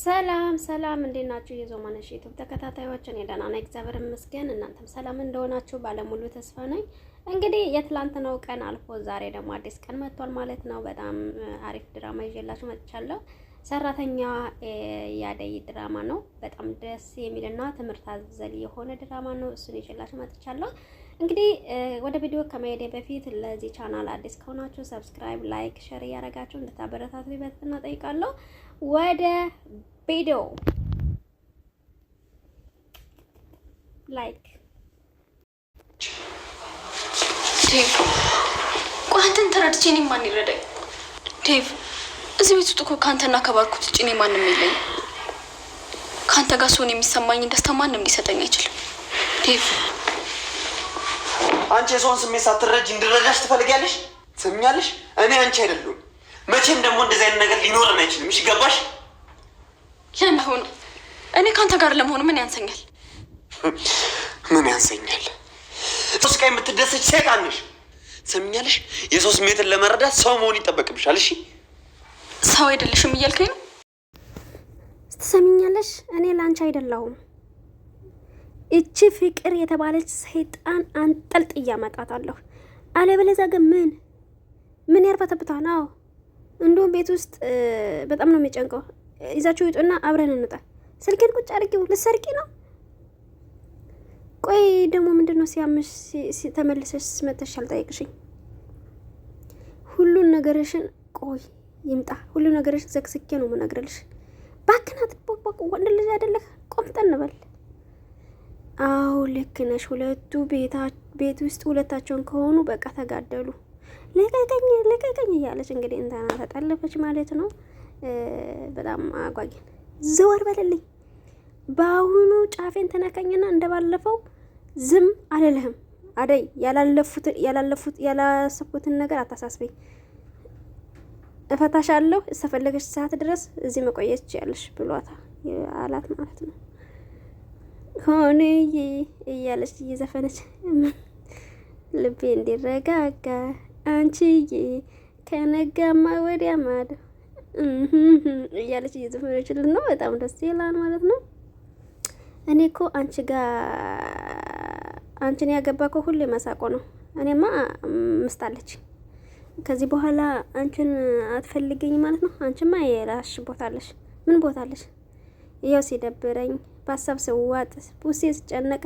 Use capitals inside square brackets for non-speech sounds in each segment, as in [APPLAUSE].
ሰላም ሰላም፣ እንዴት ናችሁ? የዞማነሽ ዩቲዩብ ተከታታዮች፣ እኔ ደህና ነኝ እግዚአብሔር ይመስገን። እናንተም ሰላም እንደሆናችሁ ባለሙሉ ተስፋ ነኝ። እንግዲህ የትላንትናው ቀን አልፎ ዛሬ ደግሞ አዲስ ቀን መጥቷል ማለት ነው። በጣም አሪፍ ድራማ ይዤላችሁ መጥቻለሁ። ሰራተኛ ያደይ ድራማ ነው። በጣም ደስ የሚልና ትምህርት አዘል የሆነ ድራማ ነው። እሱን ይዤላችሁ መጥቻለሁ። እንግዲህ ወደ ቪዲዮ ከመሄድ በፊት ለዚህ ቻናል አዲስ ከሆናችሁ ሰብስክራይብ፣ ላይክ፣ ሸር እያደረጋችሁ እንድታበረታቱ በትህትና ጠይቃለሁ። ወደ ቪዲዮ ላይክ ዴቭ፣ አንተን ተረድቼ እኔ ማን ይረዳኝ? ዴቭ፣ እዚህ ቤት ውስጥ እኮ ከአንተና ከባርኩት ውጭ እኔ ማንም የለኝ። ከአንተ ጋር ሲሆን የሚሰማኝ ደስታ ማንም ሊሰጠኝ አይችልም ዴቭ አንቺ የሰውን ስሜት ሳትረጅ እንድረዳሽ ትፈልጊያለሽ? ትሰሚያለሽ? እኔ አንቺ አይደለሁም። መቼም ደግሞ እንደዚህ አይነት ነገር ሊኖረን አይችልም። እሺ ገባሽ? ለመሆኑ እኔ ከአንተ ጋር ለመሆኑ ምን ያንሰኛል? ምን ያንሰኛል? ሶስት ቀን የምትደሰች ሴት አንሽ የሰው ስሜትን ለመረዳት ሰው መሆን ይጠበቅብሻል። እሺ ሰው አይደለሽም እያልከኝ ነው። ትሰሚኛለሽ? እኔ ለአንቺ አይደለሁም። እቺ ፍቅር የተባለች ሰይጣን አንጠልጥያ እያመጣታለሁ። አለበለዚያ ግን ምን ምን ያርፈተብታል? አዎ እንዲሁም ቤት ውስጥ በጣም ነው የሚጨንቀው። ይዛችሁ ውጡና አብረን እንውጣ። ስልኬን ቁጭ አድርጊው። ልትሰርቂ ነው? ቆይ ደግሞ ምንድን ነው ሲያምሽ ተመልሰሽ ስመተሽ አልጠየቅሽኝ? ሁሉን ነገርሽን ቆይ ይምጣ። ሁሉ ነገርሽን ዘግዝኬ ነው የምነግርልሽ። ባክናት ወንድ ልጅ አይደለህ? ቆምጠን በል አዎ ልክ ነሽ። ሁለቱ ቤት ውስጥ ሁለታቸውን ከሆኑ በቃ ተጋደሉ። ልቀቀኝ ልቀቀኝ እያለች እንግዲህ እንትና ተጠለፈች ማለት ነው። በጣም አጓጊን ዘወር በልልኝ፣ በአሁኑ ጫፌን ተነካኝና እንደባለፈው ዝም አልልህም። አደይ ያላሰኩትን ነገር አታሳስበኝ፣ እፈታሻለሁ። እስከፈለገች ሰዓት ድረስ እዚህ መቆየት ትችያለሽ ብሏታ አላት ማለት ነው። ሆነ እያለች እየዘፈነች ልቤ እንዲረጋጋ አንቺዬ ከነጋማ ወዲያ ማዶ እያለች እየዘፈነችልን ነው። በጣም ደስ ይላል ማለት ነው። እኔ እኮ አንቺ ጋር አንቺን ያገባ እኮ ሁሌ መሳቆ ነው። እኔማ ምስታለች ከዚህ በኋላ አንቺን አትፈልገኝ ማለት ነው። አንቺማ የራስሽ ቦታለሽ። ምን ቦታለሽ? ያው ሲደብረኝ በሀሳብ ስዋጥ ቡሴ ስጨነቅ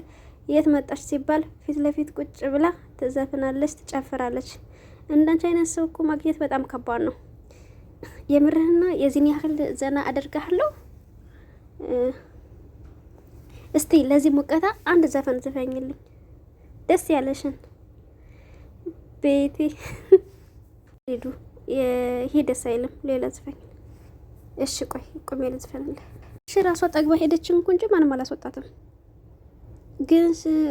የት መጣች ሲባል ፊት ለፊት ቁጭ ብላ ትዘፍናለች፣ ትጨፍራለች። እንዳንቺ አይነት ሰው እኮ ማግኘት በጣም ከባድ ነው። የምርህና የዚህን ያህል ዘና አደርጋለሁ። እስቲ ለዚህ ሙቀታ አንድ ዘፈን ዘፈኝልኝ ደስ ያለሽን። ቤቴ ሄዱ። [LAUGHS] ይሄ ደስ አይልም። ሌላ ዘፈኝ። እሺ ቆይ ቁሜ ልዝፈንልህ። ራሷ ጠግባ ሄደች እንኩ እንጂ ማንም አላስወጣትም። ግን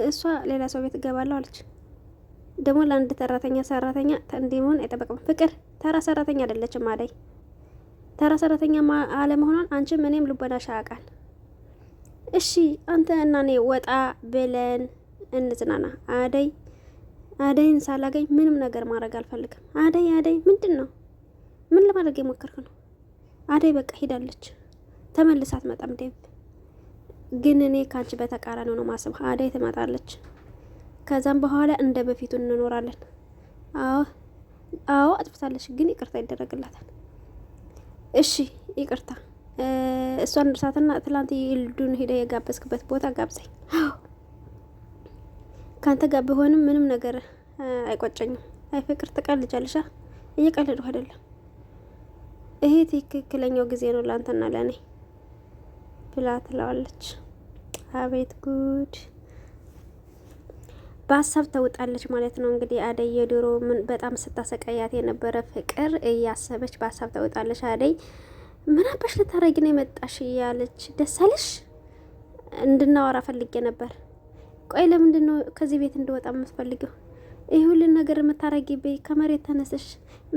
እሷ ሌላ ሰው ቤት እገባለሁ አለች። ደግሞ ለአንድ ተራተኛ ሰራተኛ እንዲሆን አይጠበቅም። ፍቅር ተራ ሰራተኛ አይደለችም። አደይ ተራ ሰራተኛ አለመሆኗን አንቺም እኔም ልቦናሽ ያውቃል። እሺ አንተ እና እኔ ወጣ ብለን እንዝናና። አደይ አደይን ሳላገኝ ምንም ነገር ማድረግ አልፈልግም። አደይ አደይ ምንድን ነው? ምን ለማድረግ የሞከርክ ነው? አደይ በቃ ሄዳለች ተመልሳ አትመጣም። ዴቭ ግን እኔ ካንቺ በተቃራኒ ነው ማስብ። አደይ ትመጣለች። ከዛም በኋላ እንደ በፊቱ እንኖራለን። አዎ አዎ፣ አጥፍታለች፣ ግን ይቅርታ ይደረግላታል። እሺ ይቅርታ። እሷን እርሳትና ትላንት ይልዱን ሄደ የጋበዝክበት ቦታ ጋብዘኝ። ከአንተ ጋር ብሆንም ምንም ነገር አይቆጨኝም። አይ ፍቅር ትቀልጃለሻ። እየቀለድኩ አይደለም። ይሄ ትክክለኛው ጊዜ ነው ለአንተና ለእኔ። ብላ ትለዋለች። አቤት ጉድ! በሀሳብ ተውጣለች ማለት ነው። እንግዲህ አደይ የድሮ ምን በጣም ስታሰቃያት የነበረ ፍቅር እያሰበች በሀሳብ ተውጣለች። አደይ ምን አባሽ ልታረጊ ነው የመጣሽ? እያለች ደስ አለሽ እንድናወራ ፈልጌ ነበር። ቆይ ለምንድን ነው ከዚህ ቤት እንድወጣ የምትፈልገው ይህ ሁሉን ነገር የምታረጊ ከመሬት ተነስሽ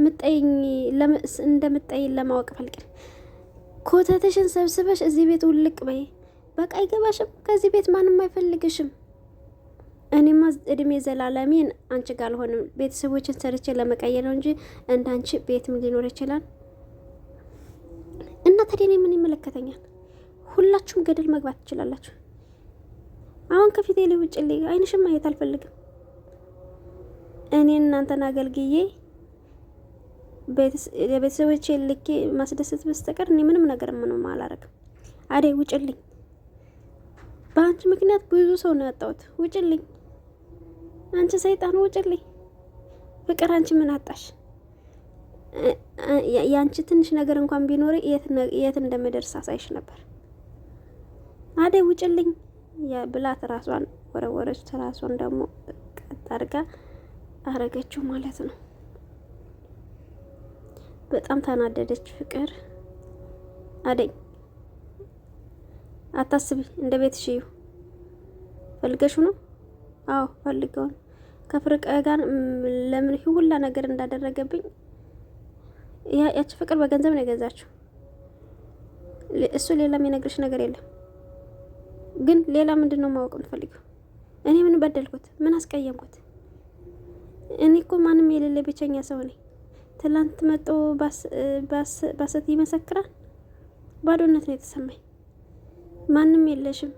ምጠኝ እንደምጠይኝ ለማወቅ ፈልግ ኮተትሽን ሰብስበሽ እዚህ ቤት ውልቅ በይ። በቃ አይገባሽም። ከዚህ ቤት ማንም አይፈልግሽም። እኔማ እድሜ ዘላለሜን አንቺ ጋር አልሆንም። ቤተሰቦችን ሰርቼ ለመቀየር ነው እንጂ እንደ አንቺ ቤትም ሊኖር ይችላል። እና ታዲያ እኔ ምን ይመለከተኛል? ሁላችሁም ገደል መግባት ትችላላችሁ። አሁን ከፊቴ ላይ ውጭ፣ አይንሽም ማየት አልፈልግም። እኔ እናንተን አገልግዬ ቤተሰቦቼ ልኬ ማስደሰት በስተቀር እኔ ምንም ነገር ምንም አላረግም። አዴ ውጭልኝ፣ በአንቺ ምክንያት ብዙ ሰው ነው ያጣሁት። ውጭልኝ፣ አንቺ ሰይጣን ውጭልኝ። ፍቅር አንቺ ምን አጣሽ? የአንቺ ትንሽ ነገር እንኳን ቢኖር የት እንደምደርስ አሳይሽ ነበር። አዴ ውጭልኝ ብላት ራሷን ወረወረች። ራሷን ደግሞ ቀጥ አድርጋ አረገችው ማለት ነው። በጣም ታናደደች። ፍቅር አደይ አታስቢ፣ እንደ ቤትሽ እዩ። ፈልገሽው ነው? አዎ ፈልገው ከፍርቀ ጋር ለምን ሁላ ነገር እንዳደረገብኝ ያቺ ፍቅር በገንዘብ ነው የገዛችው። እሱ ሌላ የነግርሽ ነገር የለም። ግን ሌላ ምንድን ነው ማወቅ የምትፈልገው? እኔ ምን በደልኩት? ምን አስቀየምኩት? እኔ እኮ ማንም የሌለ ብቸኛ ሰው ነኝ። ትላንት መጦ ባሰት ይመሰክራል። ባዶነት ነው የተሰማኝ። ማንም የለሽም።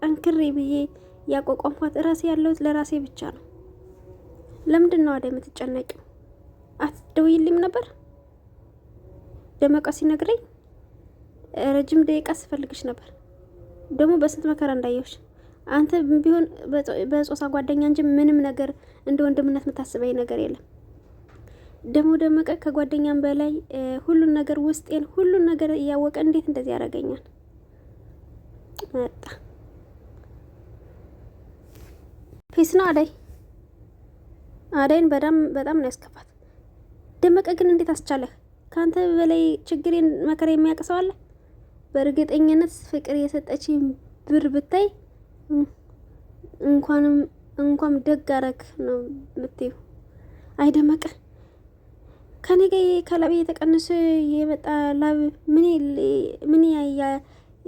ጠንክሬ ብዬ ያቋቋምኳት እራሴ ያለሁት ለራሴ ብቻ ነው። ለምንድን ነው አደ የምትጨነቂው? አትደውይልም ነበር? ደመቀ ሲነግረኝ ረጅም ደቂቃ ስፈልግሽ ነበር። ደግሞ በስንት መከራ እንዳየሁሽ። አንተ ቢሆን በጾሳ ጓደኛ እንጂ ምንም ነገር እንደ ወንድምነት የምታስበኝ ነገር የለም። ደግሞ ደመቀ ከጓደኛም በላይ ሁሉን ነገር ውስጤን ሁሉን ነገር እያወቀ እንዴት እንደዚህ ያደርገኛል? መጣ ፌስ ነው አደይ አደይን በጣም በጣም ነው ያስከፋት። ደመቀ ግን እንዴት አስቻለህ? ከአንተ በላይ ችግሬን መከራ የሚያውቅ ሰው አለ? በእርግጠኝነት ፍቅር የሰጠችኝ ብር ብታይ እንኳንም እንኳን ደግ አረግ ነው ምትይው አይደመቀ ከኔ ጋ ከላብ የተቀነሰ የመጣ ላብ ምን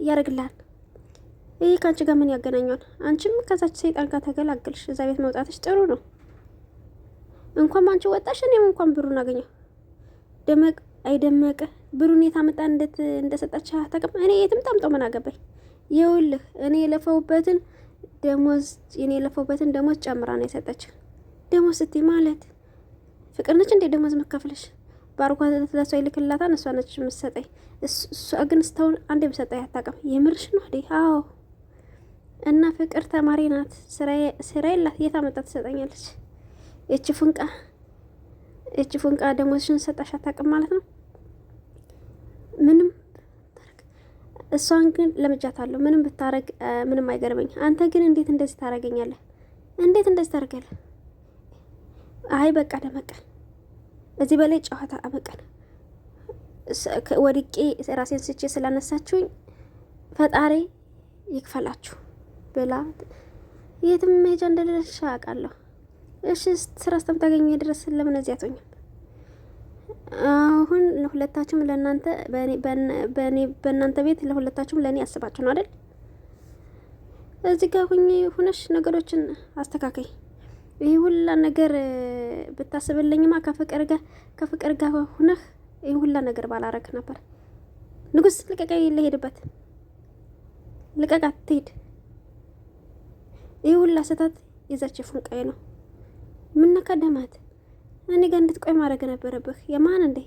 ያደርግልሃል? ይህ ከአንቺ ጋር ምን ያገናኘዋል? አንቺም ከዛች ሰይጣን ጋር ተገላገልሽ። እዛ ቤት መውጣትሽ ጥሩ ነው። እንኳን አንቺ ወጣሽ፣ እኔም እንኳን ብሩን አገኘው። ደመቅ አይደመቅ ብሩን የታመጣ እንደት እንደሰጠች አታውቅም። እኔ የትም ታምጦ ምን አገባኝ? ይኸውልህ እኔ የለፈውበትን ደሞዝ እኔ የለፈውበትን ደሞዝ ጨምራ ነው የሰጠች። ደሞዝ ስትይ ማለት ፍቅር ነች እንዴ ደሞዝ መካፍለሽ? ባርኳ ለሷ ይልክላታ እሷ ነች የምትሰጠኝ። እሷ ግን ስታውን አንዴ የምሰጠኝ አታውቅም። የምርሽ ነው እንዴ? አዎ። እና ፍቅር ተማሪ ናት፣ ስራ የላት፣ የት አመጣ ትሰጠኛለች? እቺ ፉንቃ እቺ ፉንቃ ደሞዝሽን ሰጣሽ አታውቅም ማለት ነው። ምንም እሷን ግን ለምጃታለሁ። ምንም ብታረግ ምንም አይገርመኝ። አንተ ግን እንዴት እንደዚህ ታረገኛለህ? እንዴት እንደዚህ ታደርጋለህ? አይ በቃ ደመቀ እዚህ በላይ ጨዋታ አበቀን። ወድቄ ራሴን ስቼ ስላነሳችሁኝ ፈጣሪ ይክፈላችሁ ብላ የትም መሄጃ እንደሌለሽ አውቃለሁ። እሺ ስራ እስከምታገኘ ድረስ ለምን እዚህ አትሆኝም? አሁን ለሁለታችሁም ለእናንተ በእኔ በእናንተ ቤት ለሁለታችሁም ለእኔ አስባችሁ ነው አይደል? እዚህ ጋር ሁኜ ሁነሽ ነገሮችን አስተካከይ። ይህ ሁላ ነገር ብታስብልኝማ ከፍቅር ጋር ከፍቅር ጋር ሁነህ ይህ ሁላ ነገር ባላረክ ነበር። ንጉስ ልቀቀኝ፣ ልሄድበት። ልቀቃት፣ ትሄድ። ይህ ሁላ ስህተት የዛች ፉንቃዬ ነው። ምናካደማት እኔ ጋር እንድትቆይ ማድረግ ነበረብህ። የማን እንዴ?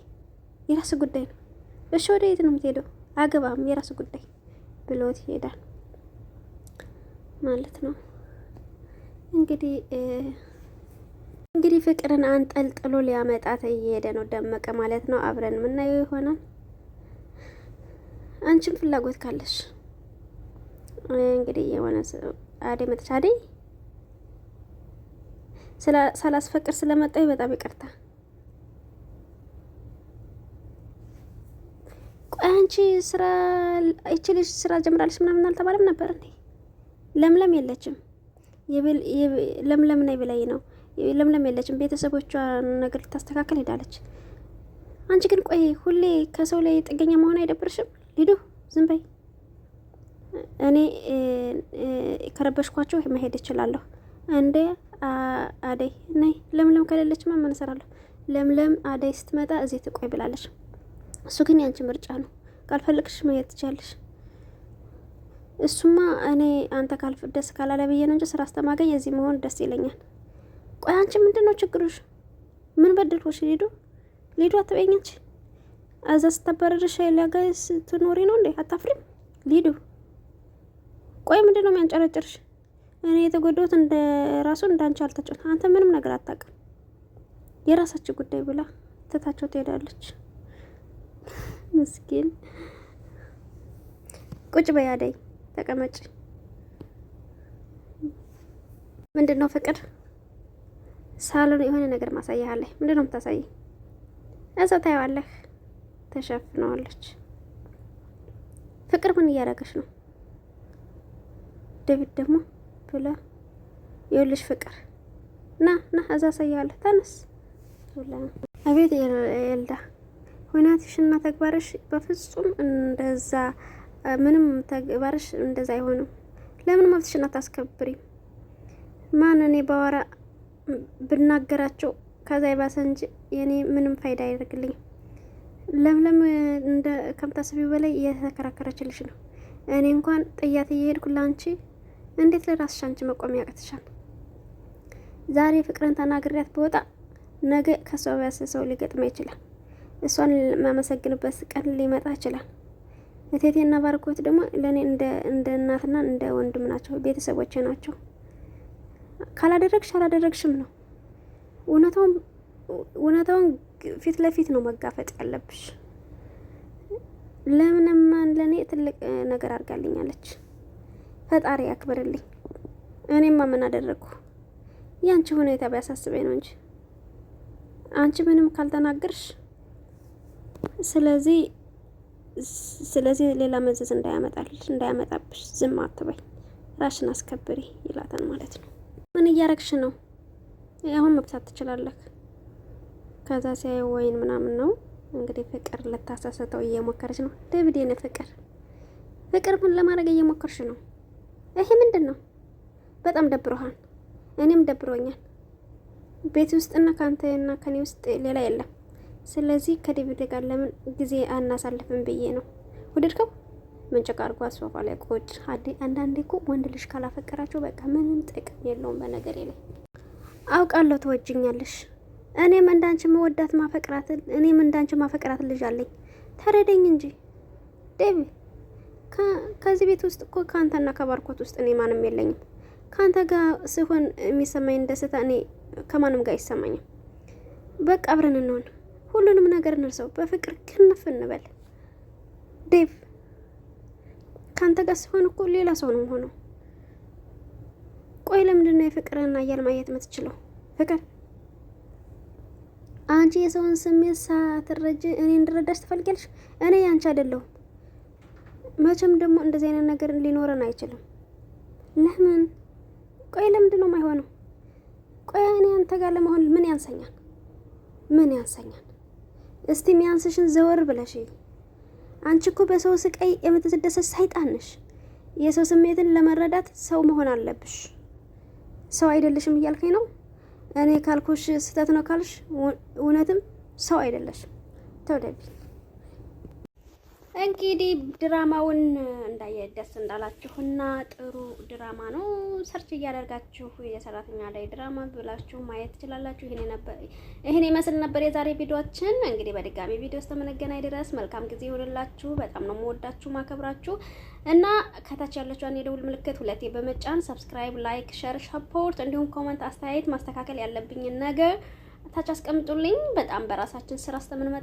የራስ ጉዳይ ነው። እሺ ወደ የት ነው የምትሄደው? አገባም፣ የራስ ጉዳይ ብሎት ይሄዳል ማለት ነው። እንግዲህ እንግዲህ ፍቅርን አንጠልጥሎ ሊያመጣት እየሄደ ነው ደመቀ ማለት ነው። አብረን የምናየው ይሆናል። አንቺም ፍላጎት ካለሽ እንግዲህ የሆነ አዴ መጥቻ አዴ ሳላስፈቅድ ስለመጣሁ በጣም ይቅርታ። ቆይ አንቺ ስራ ይቺ ልጅ ስራ ጀምራለች ምናምን አልተባለም ነበር እንዴ? ለምለም የለችም ለምለም ነይ ብላኝ ነው። ለምለም የለችም። ቤተሰቦቿ ነገር ልታስተካከል ሄዳለች። አንቺ ግን ቆይ ሁሌ ከሰው ላይ ጥገኛ መሆን አይደብርሽም? ሊዱ ዝም በይ። እኔ ከረበሽኳቸው መሄድ እችላለሁ። እንደ አደይ ነይ። ለምለም ከሌለችማ ምን እሰራለሁ? ለምለም አደይ ስትመጣ እዚህ ትቆይ ብላለች። እሱ ግን ያንቺ ምርጫ ነው። ካልፈለግሽ መሄድ ትችያለሽ። እሱማ እኔ አንተ ካልፍ ደስ ካላለ ብዬ ነው እንጂ ስራ አስተማገኝ እዚህ መሆን ደስ ይለኛል። ቆይ አንቺ ምንድን ነው ችግሮሽ? ምን በደልኩሽ? ሊዱ ሊዱ አትበይኝ አንቺ። እዛ ስታባረርሽ ላጋ ስትኖሪ ነው እንዴ? አታፍሪም ሊዱ? ቆይ ምንድን ነው የሚያንጨረጭርሽ? እኔ የተጎዳሁት እንደ ራሱ እንዳንቺ አልተጫወት። አንተ ምንም ነገር አታውቅም። የራሳችሁ ጉዳይ ብላ ትታቸው ትሄዳለች። [LAUGHS] ምስኪን ቁጭ በይ አደይ ተቀመጭ። ምንድን ነው ፍቅር? ሳሎን የሆነ ነገር ማሳያለህ። ምንድን ነው የምታሳይ? እዛ ታየዋለህ። ተሸፍነዋለች። ፍቅር ምን እያደረገች ነው? ዴቪድ ደግሞ ብለ ይኸውልሽ ፍቅር ና ና እዛ አሳያለሁ። ተነስ ብላ አቤት የልዳ ሁናትሽ ተግባርሽ በፍጹም እንደዛ ምንም ተግባርሽ እንደዛ አይሆንም። ለምን መብትሽን አታስከብሪም? ማን እኔ በአዋራ ብናገራቸው ከዛ የባሰ እንጂ የኔ ምንም ፋይዳ አያደርግልኝም። ለምለም እንደ ከምታስቢው በላይ እየተከራከረችልሽ ነው። እኔ እንኳን ጥያት እየሄድኩ ለአንቺ እንዴት ለራስሽ አንቺ መቆም ያቅትሻል? ዛሬ ፍቅርን ተናግሪያት በወጣ ነገ ከሷ ባሰ ሰው ሊገጥመ ይችላል። እሷን የማመሰግንበት ቀን ሊመጣ ይችላል። እና ባርኮት ደግሞ ለእኔ እንደ እናትና እንደ ወንድም ናቸው፣ ቤተሰቦች ናቸው። ካላደረግሽ አላደረግሽም ነው። እውነታውን ፊት ለፊት ነው መጋፈጥ ያለብሽ። ለምንማን ለእኔ ትልቅ ነገር አድርጋልኛለች። ፈጣሪ ያክብርልኝ። እኔማ ምን አደረግኩ? ያንቺ ሁኔታ ቢያሳስበኝ ነው እንጂ አንቺ ምንም ካልተናገርሽ ስለዚህ ስለዚህ ሌላ መዘዝ እንዳያመጣልሽ እንዳያመጣብሽ ዝም አትበይ፣ ራሽን አስከብሪ ይላታል ማለት ነው። ምን እያረግሽ ነው? አሁን መግታት ትችላለህ። ከዛ ሲያየ ወይን ምናምን ነው እንግዲህ ፍቅር ልታሳሰተው እየሞከረች ነው። ዴቪድ የኔ ፍቅር ፍቅር ምን ለማድረግ እየሞከርሽ ነው? ይሄ ምንድን ነው? በጣም ደብሮሃል፣ እኔም ደብሮኛል። ቤት ውስጥና ከአንተና ከኔ ውስጥ ሌላ የለም። ስለዚህ ከዴቪድ ጋር ለምን ጊዜ አናሳልፍም ብዬ ነው። ወደድከው? ምንጭቅ አድርጎ አስፋፋ ላይ ቁጭ። አንዳንዴ እኮ ወንድ ልጅ ካላፈቀራቸው በቃ ምንም ጥቅም የለውም። በነገር ላይ አውቃለሁ ትወጅኛለሽ። እኔም እንዳንቺ መወዳት ማፈቅራት እኔም እንዳንቺ ማፈቅራት ልጅ አለኝ። ተረደኝ እንጂ ዴቪ ከዚህ ቤት ውስጥ እኮ ከአንተና ከባርኮት ውስጥ እኔ ማንም የለኝም። ከአንተ ጋር ሲሆን የሚሰማኝ ደስታ እኔ ከማንም ጋር አይሰማኝም። በቃ አብረን እንሆን ሁሉንም ነገር እንርሰው፣ በፍቅር ክንፍ እንበል። ዴቭ ከአንተ ጋር ሲሆን እኮ ሌላ ሰው ነው ሆነው። ቆይ ለምንድን ነው የፍቅርና እያል ማየት የምትችለው? ፍቅር አንቺ የሰውን ስሜት ሳትረጅ እኔ እንድረዳሽ ትፈልጊያለሽ? እኔ ያንቺ አይደለሁም። መቼም ደግሞ እንደዚህ አይነት ነገር ሊኖረን አይችልም። ለምን? ቆይ ለምንድን ነው የማይሆነው? ቆይ እኔ አንተ ጋር ለመሆን ምን ያንሰኛል? ምን ያንሰኛል? እስቲ ሚያንስሽን ዘወር ብለሽ አንቺ እኮ በሰው ስቃይ የምትደሰት ሰይጣን ነሽ። የሰው ስሜትን ለመረዳት ሰው መሆን አለብሽ። ሰው አይደለሽም እያልከኝ ነው? እኔ ካልኩሽ ስህተት ነው ካልሽ እውነትም ሰው አይደለሽም። ተውደቢ እንግዲህ ድራማውን እንዳየ ደስ እንዳላችሁና ጥሩ ድራማ ነው። ሰርች እያደርጋችሁ የሰራተኛ አዳይ ድራማ ብላችሁ ማየት ትችላላችሁ። ይሄን ነበር ይሄን ይመስል ነበር የዛሬ ቪዲዮአችን። እንግዲህ በድጋሚ ቪዲዮ እስከምንገናኝ ድረስ መልካም ጊዜ ይሁንላችሁ። በጣም ነው የምወዳችሁ ማከብራችሁ እና ከታች ያለችውን የደውል ምልክት ሁለቴ በመጫን ሰብስክራይብ፣ ላይክ፣ ሼር፣ ሰፖርት እንዲሁም ኮመንት አስተያየት ማስተካከል ያለብኝን ነገር ታች አስቀምጡልኝ። በጣም በራሳችን ስራ እስከምንመጣ